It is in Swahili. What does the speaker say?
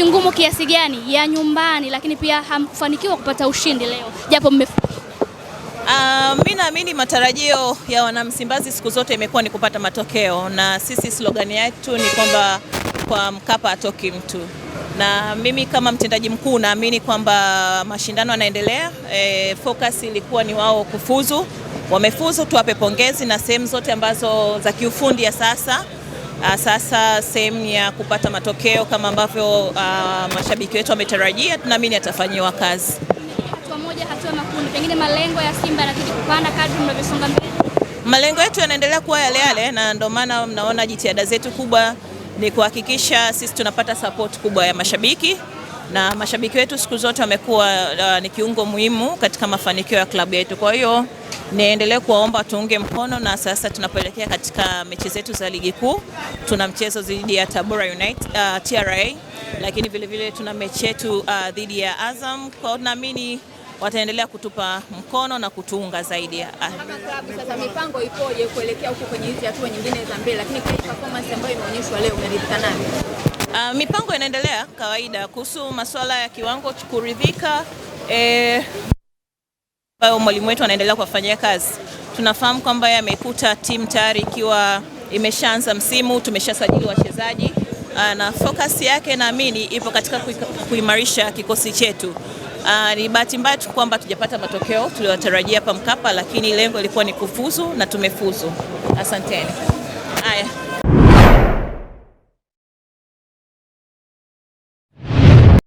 Ngumu kiasi gani ya nyumbani, lakini pia hamkufanikiwa kupata ushindi leo japo mme uh, mi naamini matarajio ya wanamsimbazi siku zote imekuwa ni kupata matokeo, na sisi slogani yetu ni kwamba kwa Mkapa atoki mtu, na mimi kama mtendaji mkuu naamini kwamba mashindano yanaendelea. E, focus ilikuwa ni wao kufuzu, wamefuzu, tuwape pongezi na sehemu zote ambazo za kiufundi ya sasa Ah, sasa sehemu ya kupata matokeo kama ambavyo uh, mashabiki wetu wametarajia, tunaamini atafanyiwa kazi. Hatua moja, hatua makundi, pengine malengo ya Simba yanazidi kupanda kadri mnavyosonga mbele. Malengo yetu yanaendelea kuwa yale yale, na ndio maana mnaona jitihada zetu kubwa ni kuhakikisha sisi tunapata support kubwa ya mashabiki, na mashabiki wetu siku zote wamekuwa uh, ni kiungo muhimu katika mafanikio ya klabu yetu, kwa hiyo niendelee kuwaomba tuunge mkono, na sasa tunapoelekea katika mechi zetu za ligi kuu, tuna mchezo dhidi ya Tabora United, uh, TRA, lakini vilevile vile tuna mechi yetu uh, dhidi ya Azam. Kwa naamini wataendelea kutupa mkono na kutuunga zaidi. Kama klabu sasa, mipango ipoje kuelekea huko kwenye hizi hatua nyingine za mbele, lakini kwa performance ambayo imeonyeshwa leo umeridhika nayo? Uh, mipango inaendelea kawaida. Kuhusu masuala ya kiwango kuridhika, eh, ambayo mwalimu wetu anaendelea kuwafanyia kazi. Tunafahamu kwamba yeye amekuta timu tayari ikiwa imeshaanza msimu, tumeshasajili wachezaji ah, na focus yake naamini ipo katika kuimarisha kikosi chetu. Uh, ni bahati mbaya tu kwamba tujapata matokeo tuliyotarajia hapa Mkapa, lakini lengo lilikuwa ni kufuzu na tumefuzu. Asanteni. Haya.